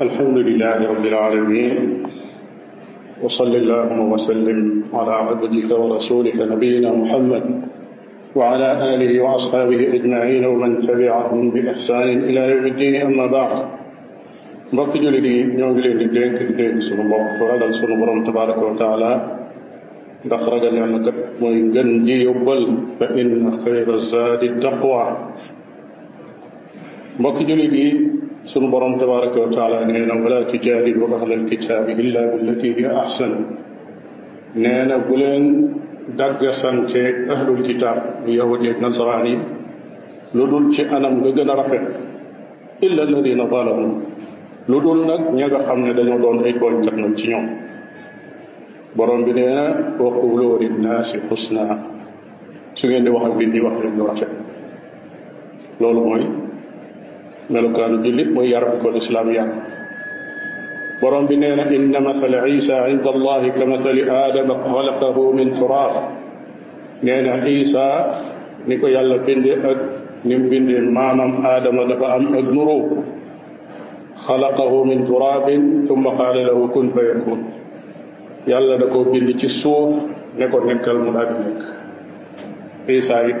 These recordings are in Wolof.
alhamdulilahi rabbil alamin wa salli allahuma wa sallim ala abdika wa rasulika nabiyina muhammad wa ala alihi wa ashaabihi ajmain wa man tabiahum bi ihsanin ila yawmi ddin amma baad mbokk jullit yi ñoo ngi leen di dénk di dénk sunu bopp ragal sunu borom tabaraka wa taala ndax ragal yàlla kat mooy ngën ji yóbbal fa inna xayra zaadi taqwa mbokk jullit yi sunu borom tabaraka wa taala nee na wala tujaadilu ahlal kitaabi illa billati hiya ahsan nee na bu leen dagg santeeg ahlul kitaab yahudi ak nasaraan yi lu dul ci anam nga gën a rafet illa alladina zalamu lu dul nag ña nga xam ne dañoo doon ay tooñkat nag ci ñoom borom bi nee na wa qulu linnaasi xusna su ngeen di wax ak nit ñi wax leen lu rafet loolu mooy melokaanu jullit mooy yar bi ko lislaam yar borom bi nee na inna masala isa inda allahi ka masali aadama xalaqahu min turaab nee na isa ni ko yàlla bindee ak ni mu bindee maamam aadama dafa am ak nuru xalaqahu min turaabin tumma qaala lahu kun fa yakun yàlla da koo bind ci suuf ne ko nekkal mu daal di nekk isa it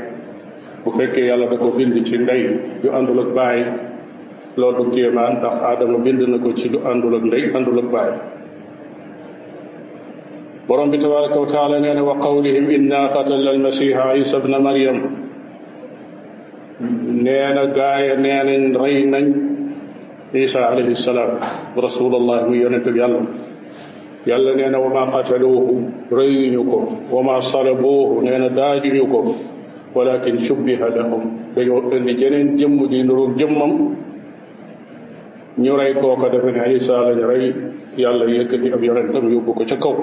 bu fekkee yàlla da ko bind ci ndey yu àndul ak baay loolu du kéemaan ndax aadama bind na ko ci lu àndul ak ndey àndul ak baay borom bi tabaraka wa taala nee na wa qawlihim inna qatalna almasiha isa bna maryam nee na gaaya nee nañ rey nañ isa alayhi salaam rasulallah muy yonent bi yàlla yàlla nee na wa ma qataluuhu reyuñu ko wa ma salabuuhu nee na daajuñu ko walakin shubbiha lahum dañoo indi jeneen jëmm di nurul jëmmam ñu rey kooka defe ne Isa lañ rey yàlla yëkkati ab yonentam yóbbu ko ca kaw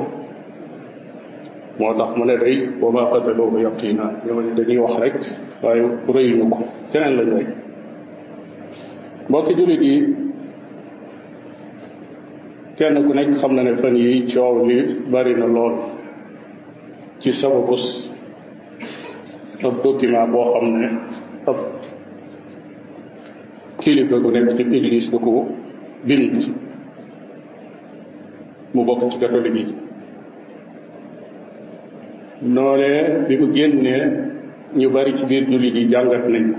moo tax ma ne day wa ma qataluhu yaqina ñooñu dañuy wax rek waaye rëyuñu ko keneen lañ rey mbokki jullit yi kenn ku nekk xam na ne fan yi coow li bari na lool ci sababus ab document boo xam ne kilifa gu nekk ci église da ko bind mu bokk ci catholique yi noonee bi mu génnee ñu bari ci biir jullit yi jàngat nañ ko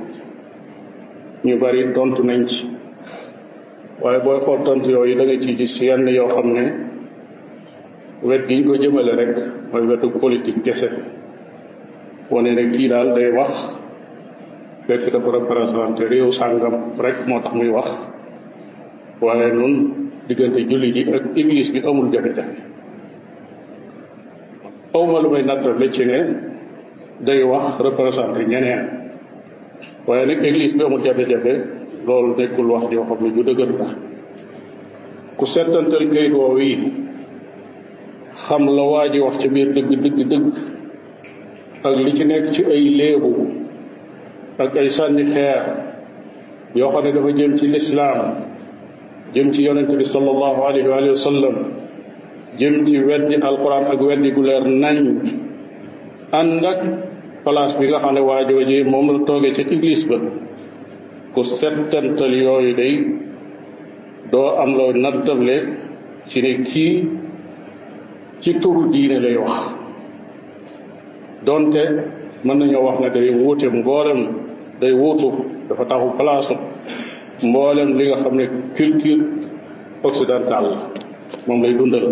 ñu bari tontu nañ ci waaye booy xool tontu yooyu da nga ciy gis yenn yoo xam ne wet gi ñu ko jëmale rek mooy wetu politique kese wane ne kii daal day wax fekk dafa représenté réew sàngam rek moo tax muy wax waaye nun diggante julli ji ak église bi amul jafe-jafe awma lu day wax représenté ñeneen waaye nag église bi amul jafe-jafe loolu nekkul wax joo xam ne ju dëgër la ku settantal kayit woow yi xam la waa ji wax ci biir dëgg dëgg dëgg ak li ci nekk ci ay léebu ak ay sànni xeer yoo xam ne dafa jëm ci lislaam jëm ci yonente bi sallallahu alayhi wa jëm ci weddi alquran ak weddi gu leer nañ ànd ak place bi nga xam ne moom toogee ci église ba ku settantal yooyu day doo am loo nattable ci ne kii ci turu diine lay wax donte mën nañoo wax ne day wuute mboolem day wuutu dafa taxu place mboolem li nga xam ne culture occidentale la moom lay dundal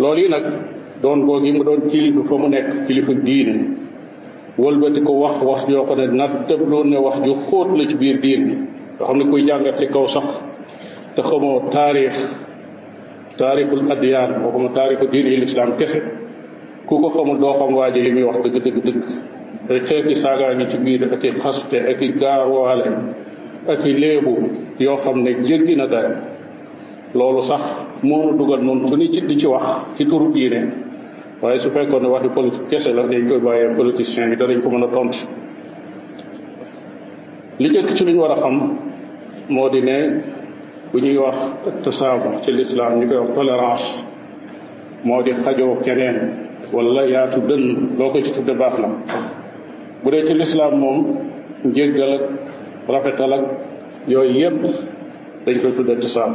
loolu yi nag doon koo gi mu doon kilifa mu nekk kilifa diine wëlbati ko wax wax yoo ko ne nat tëbloon ne wax ju xóot la ci biir diin bi nga xam ne kuy jàngat ci kaw sax te xamoo taarix taarixul adiyaan waxuma taarixu diine yi lislaam kese ku ko xamul doo xam waaji li muy wax dëgg dëgg dëgg ay xeeti saagaa ci biir ak i xaste ak i gaaruwaale ak i léebu yoo xam ne jéggi na loolu sax moonu dugal noonu bu ni ci di ci wax ci turu diine waaye su fekkoon ne waxi politique kese la dañ koy bàyyee politicien yi danañ ko mën a tontu li jëkk ci luñ war a xam moo di ne bu ñuy wax tasaamu ci lislaam ñu koy wax moo di xajoo keneen wala yaatu dënn loo ko ci tudde baax na bu dee ci lislaam moom njéggal ak rafetal ak yooyu yépp dañ koy tuddee cosaan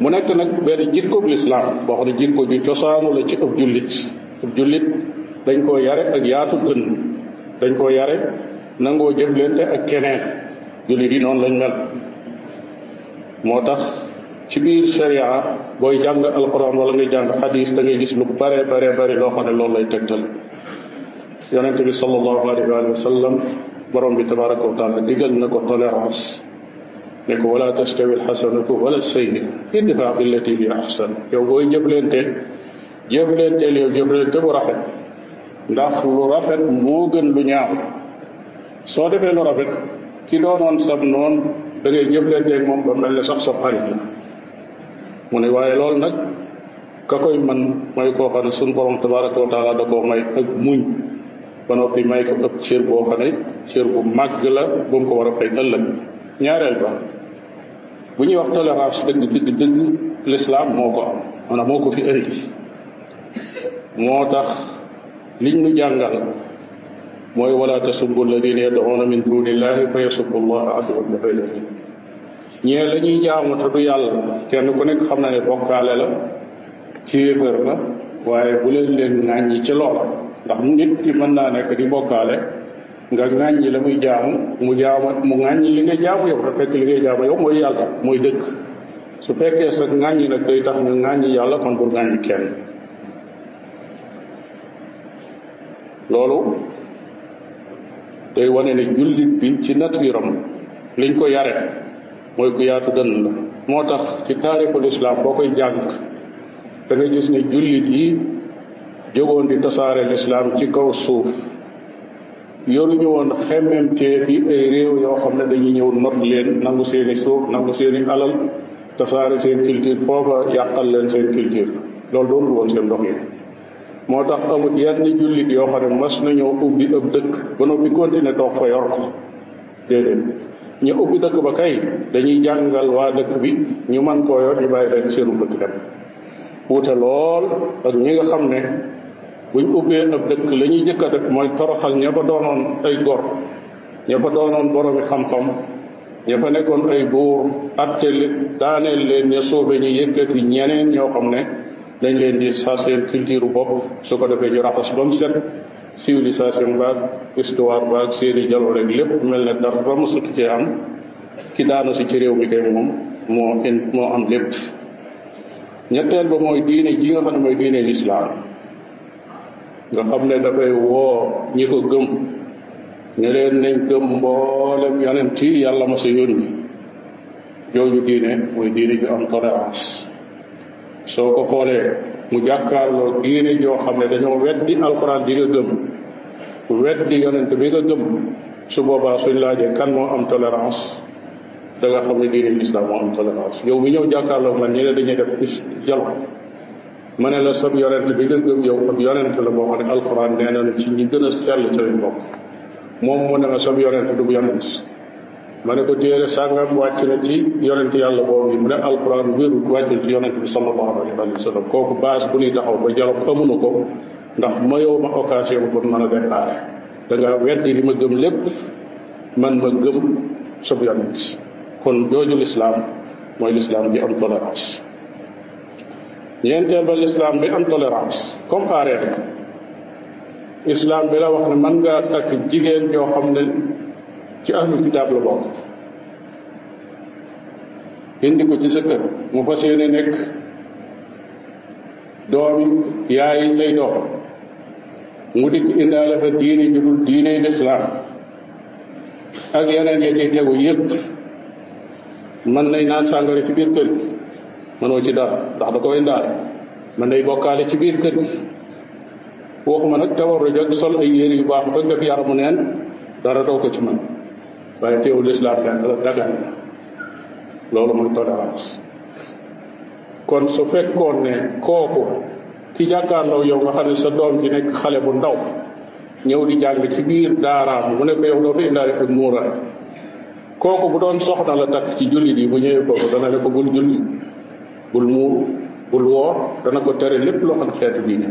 mu nekk nag benn jikkoob lislaam boo xam ne jikko bi cosaanu la ci ëpp jullit ëpp jullit dañ koo yare ak yaatu gën dañ koo yare nangoo jëflante ak keneen jullit yi noonu lañ mel moo tax ci biir sharia booy jàng alquran wala ngay jàng hadis da ngay gis lu bare bare bari loo xam ne loolu lay tegtal yonent bi sallallahu alayhi wa sallam borom bi tabaraka wa taala digal na ko tolérance ne ko wala tastawi alxasanatu wala sayyi idfa billati bi ahsan yow booy jëflanteel jëflanteel yow jëflante bu rafet ndax lu rafet moo gën lu ñaaw soo defee lu rafet ki doonoon sab noonu da ngay jëflanteeg moom ba mel ne sax sa xarit la mu ne waaye loolu nag ka koy man mooy koo xam ne sunu borom tabaraka wa taala da koo may ak muñ ba noppi may ko ëpp cër boo xam ne bu màgg la bu mu ko war a fay ëllëg ñaareel ba bu ñuy wax tolérance dëgg dëgg dëgg l'islam moo ko am maanaam moo ko fi indi moo tax liñ ñu jàngal mooy wala tasubbu alladina yad'una min dunillahi fa yasubbu ñee la ñuy jaamu te du yàlla kenn ku nekk xam na ne bokkaale la ci yéefar la waaye bu leen leen ŋàññi ci loola ndax nit ki mën naa nekk di bokkaale nga ŋàññi la muy jaamu mu jaamu mu ŋàññi li ngay jaamu yow te fekk li ngay mooy yàlla mooy dëkk su fekkee sa ŋàññi nag day tax nga ŋàññi yàlla kon bul ŋàññi kenn loolu day wane ne jullit bi ci naturam liñ ko yare mooy ku yaatu la moo tax ci taarixul islam boo koy jàng da gis ne jullit yi jógoon di tasaare lislaam ci kaw suuf yoruñu woon xemmemtee bi ay réew yoo xam ne dañuy ñëw not leen nangu seeni suuf nangu seeni alal tasaare seen culture foofa yàqal leen seen culture loolu doonul woon seen ndox yi moo tax amut yenn jullit yoo xam ne mas nañoo ubbi ëpp dëkk ba noppi continuer toog fa yor ko déedéet ñu ubbi dëkk ba kay dañuy jàngal waa dëkk bi ñu man koo yor ñu bàyyi rek seenu bëgg dem wute lool ak ñi xam ne buñ ubbee ab dëkk la ñuy jëkk a def mooy toroxal ña ba doonoon ay gor ña fa doonoon boromi xam-xam ña fa nekkoon ay buur atte daaneel leen ña soobe ñu yëkkati ñeneen ñoo xam ne dañ leen di sa seen culture bopp su ko defee ñu raxas ba mu set civilisation baag histoire baag seeni jaloo rek lépp mel ne dara ba mosut cee am ki daana ci réew mi kay moom moo in moo am lépp ñetteel ba mooy diine ji nga ne mooy diine lislaam nga xam ne dafay woo ñi ko gëm ne nañ gëm mboolem yonent yi yàlla ma sa yónni jooju diine mooy diine ju am tolérance soo ko xoolee mu jàkkaarloo diine joo xam ne dañoo weddi alxuraan di nga gëm weddi yonent bi nga gëm su boobaa suñ laajee kan moo am tolérance da nga xam ne diine lislaam moo am tolérance yow mi ñëw jàkkaarloo man ñeneen dañuy def is jalo ma ne la sab yonent bi nga gëm yow ab yonent la boo xam ne alxuraan nee na ci ñi gën a sell ci lañ bokk moom mu ne ma sab yonent du yonent ma ne ko téere sàngam wàcc na ci yonent yàlla boobu mu ne alxuraan wérut wàccul ci yonent bi sallallahu alayhi wa sallam kooku base bu ñuy taxaw ba jalop amunu ko ndax mayoo ma occasion pour a déclaré da nga weddi li ma gëm lépp ma gëm sab yonent kon jooju lislaam mooy lislaam bi am tolérance ñeenteel ba lislaam bi am tolérance comparé la islam bi la wax ne mën ngaa takk jigéen joo xam ne ci ahlu kitaab la bokk indi ko ci sa kër mu fas yéene nekk doomi yaayi say doom mu dikk indaale fa diine ju dul diiney lislaam ak yeneen ya cay tegu yëpp mën nay naan sàngara ci biir kër mënoo ci dara ndax da ko indaale man nay bokkaale ci biir kër gi waxuma nag tawarruj ak sol ay yére yu baax rek def yaramu neen dara doo ko ci mën waaye teewul lislaam dagan loolu mooy tolérance kon su fekkoon ne kooku ki jàkkaarloo yow nga xam sa doom ji nekk xale bu ndaw ñëw di jàng ci biir daaraam mu ne ko yow kooku bu doon soxna la takk ci jullit yi bu ñëwee kooku dana ne ko bul bul muur bul woor dana ko tere lépp loo xam xeetu diine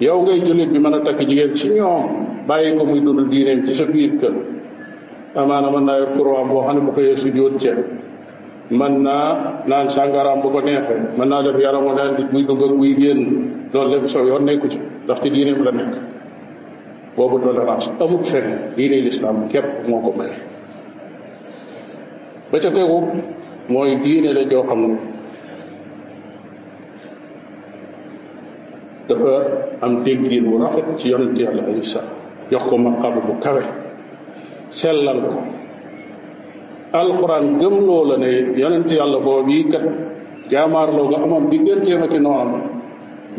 yow ngay jullit bi mën a takk jigéen ci ñoom bàyyi ko muy dund diineem ci sa biir kër amaana mën naa yor kurwaam boo xam ne bu ko yeesu jóot ceeb naa naan sàngaraam bu ko neexee mën naa def yaramu naan di buy dugg ak buy génn loolu lépp soo yoon nekku ci ndax ci diineem boobu tolérance képp moo ko may ba ca tegu mooy diine la joo xam dafa am déggiin bu rafet ci yonent yàlla isa jox ko bu kawe sellal ko alquran gëm loo la ne yonent yàlla boobu yi kat jaamaarloo nga amoon digganteem ak noonam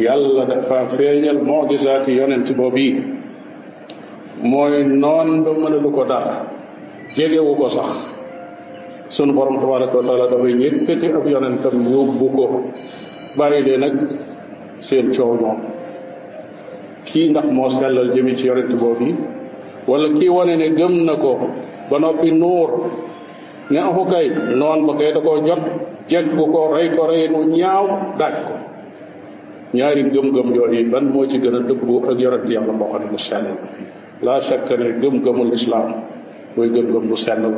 yàlla dafa feeñal moogisaati yonent boobu mooy noon ba mënalu ko dara jegewu ko sax sunu borom tabaraka wa taala dafay yëkkati ab yonentam yóbbu ko bàyyi de nag seen coow moom kii ndax moo sellal jëmi ci yonent boobu yi wala kii wane ne gëm na ko ba noppi nuur ne axu kay noon ba kay da koo jot jekk ko rey ko rey nu ñaaw daaj ko ñaari gëm-gëm yooyu ban moo ci gën a dëggu ak yonent yàlla boo xam ne mu sell la chaque ne gëm-gëmul islaam mooy gëm-gëm bu sell la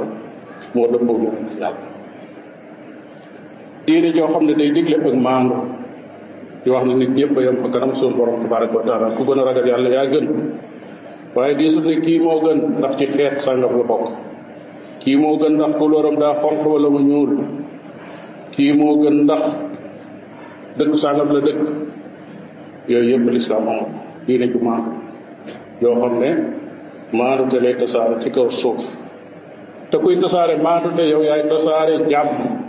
moo dëppoo yonent yàlla diine joo xam ne day digle ak maandu ci wax na nit ñëpp a yem fa kanam suñu borom tabaraka wa taala ku gën a ragal yàlla yaa gën waaye diisul ne kii moo gën ndax ci xeet sàngam la bokk kii moo gën ndax couleuram daa xonq mu ñuul kii moo gën ndax dëkk sàngam la dëkk yooyu yëpp lislaam amul diine yoo xam ne maandu te lay tasaare ci kaw suuf te kuy tasaare maandu te yaay tasaare jàmm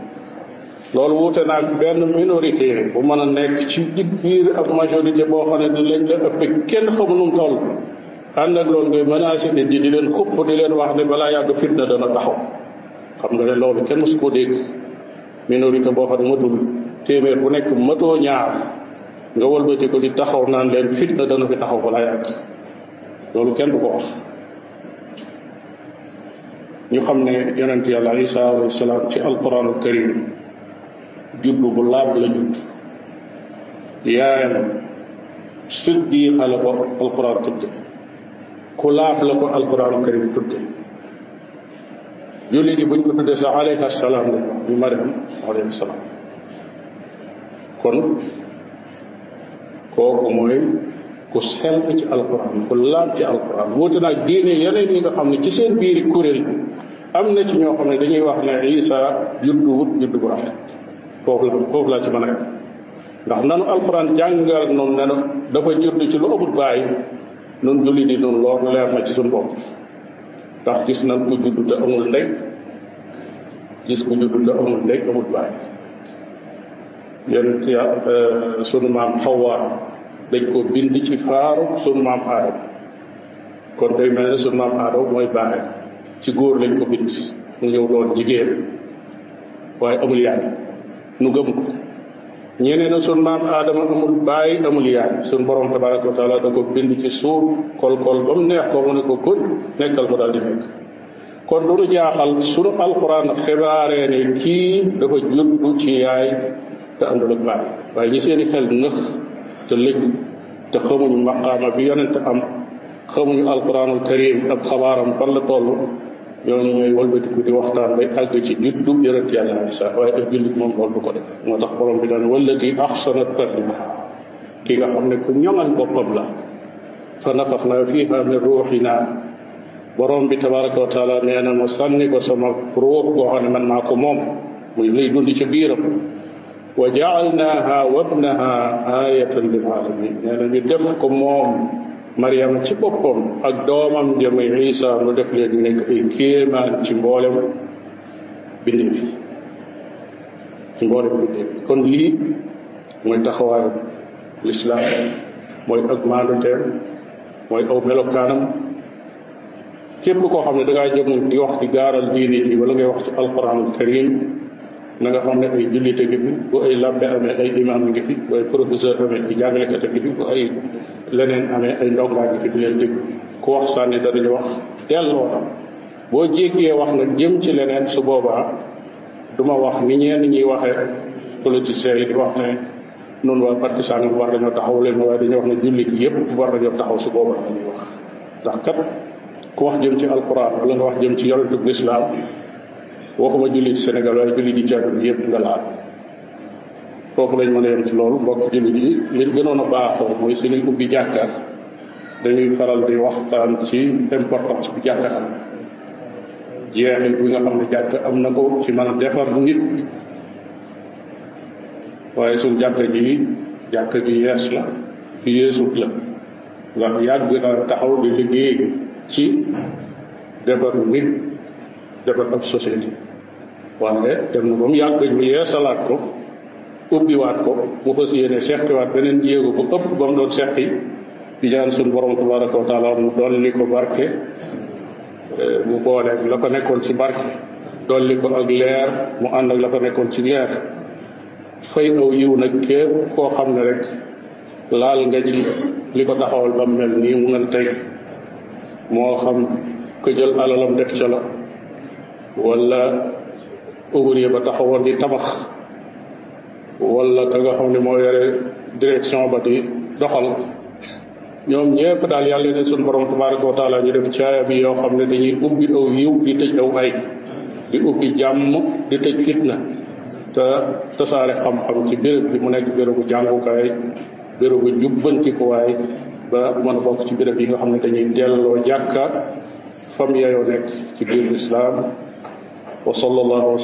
loolu wuute naag benn minorité bu man a nekk ci biir ak majorité boo xam ne di lañ la ëpp kenn xamu nu mu toll ànd ak loolu ngay menacé nit ñi di leen xupp di leen wax ne balaa yàgg fitna dana taxaw xam nga ne loolu kenn mësu koo dégg minorité boo xam ne matul téeméer bu nekk matoo ñaar nga wëlbati ko di taxaw naan leen fitna dana fi taxaw balaa yàgg loolu kenn du ko wax ñu xam ne yonent yàlla isa alayhi salaam ci alquranul karim juddu bu laab la judd yaayam siddiqa la ko alquran tudde ku laab la ko karim tudde jullit yi buñ ko tudde aleyka salaam la ñu aleyka salaam kon kooku mooy ku sell ci alquran ku laab ci alquran wuute naag diine yeneen yi nga xam ne ci seen biiri kuréel am na ci ñoo xam ne dañuy wax ne isa juddu wut juddu bu rafet foofu la foofu laa ci mën a yem ndax nan alxuraan jàngal noonu ne dafa judd ci lu ëpp bàyyi nun julli di noonu loolu leer na ci suñu bopp ndax gis nan ku judd te amul ndey gis ku judd amul ndey euh, kon day mel ne maam aadama mooy bàyyi ci góor lañ ko bind mu ñëw doon jigéen waaye amul yaay nu gëm ko ñeneen na sun maam aadama amul baay amul yaay sun borom tabaraka wa taala da ko bind ci suur kolkol ba mu neex ko ko kuñ nekkal ko daal di nekk kon du nu jaaxal sunu alquran xibaaree ne kii dafa juddu ci yaay te àndul ak baay waaye ñi seeni xel nëx te lëj te xamuñu maqaama bi yonent am xamuñu alquranul karim ak xabaaram fan la toll ñooñu ñooy walbatiku di waxtaan bay àgg ci juddu yonent yàlla Isa waaye ak jullit moom loolu du ko def moo tax borom bi daan wallati axsanat farjaha ki nga xam ne ku ñoŋal boppam la fa nafaxnaa fiiha min ruuxina borom bi tabaraka wa taala nee na ma sànni ko sama ruux boo xam ne man maa ko moom muy lay dund ca biiram wa jaalnaaha wabnaha ayatan lil alamin nee na ñu def ko moom Mariama ci boppam ak doomam jëmuy Isa lu def leen nekk ay ci mboolem bindee bi ci mboolem bindee bi kon lii mooy taxawaayu lislaam mooy ak maanduteem mooy aw melokaanam képp koo xam ne da ngaa jëm wax di gaaral diine bi wala ngay wax ci alquranul karim na nga xam ne ay jullite ngi fi ay labbe amee ay imam ngi fi bu ay professeur amee ay jàngalekat ngi fi ay leneen amee ay ndog laa ngi fi di leen dégg ku wax sànni danañu wax delloo la boo jéggee wax nag jëm ci leneen su boobaa du ma wax ni ñeen ñuy waxee politiciens yi di wax ne noonu waa parti sàngam war dañoo taxaw leen waaye dañuy wax ne jullit yépp war dañoo taxaw su boobaa dañuy wax ndax kat ku wax jëm ci alquran wala nga wax jëm ci yonentub lislaam waxuma jullit Sénégal waaye jullit yi jàddu yépp nga laal foofu lañ mën a yem ci loolu mbokk jullit yi liñ gënoon a baaxoo mooy suñuy ubbi jàkka dañuy faral di waxtaan ci importance bi jàkka am bi nga xam ne jàkka am na ko ci mën a defar nit waaye suñ jàkka ji jàkka ji yees la fi yeesut la ndax yàgg taxaw di liggéey ci defar nit defar ak société waaye dem na ba mu yàgg ñu yeesalaat ko ubbiwaat ko mu fas yéene seqiwaat beneen jéego bu ëpp ba mu doon seqi di ñaan suñu borom wa taala mu li ko barke eh, mu booleeg la ko nekkoon ci barke dolli ko ak leer mu ànd ak la ko nekkoon ci leer fay aw yiw nag képp koo xam ne rek laal nga ci li ko taxawal ba mu mel nii mu ngeen tey moo xam ko jël alalam def ca la wala ouvrier ba taxawoon di tabax wala ka nga xam ne moo yore direction ba di doxal ñoom ñëpp daal yàlla ne suñu borom tabaraka wa taala ñu def caaya bi yoo xam ne dañuy ubbi aw yiw di tëj aw ay di ubbi jàmm di tëj fitna te tasaare xam-xam ci béréb bi mu nekk bérébu jàngukaay bérébu jubbantikuwaay ba mën a bokk ci béréb yi nga xam ne dañuy delloo jàkka fam yayoo nekk ci biir lislaam wa sallallahu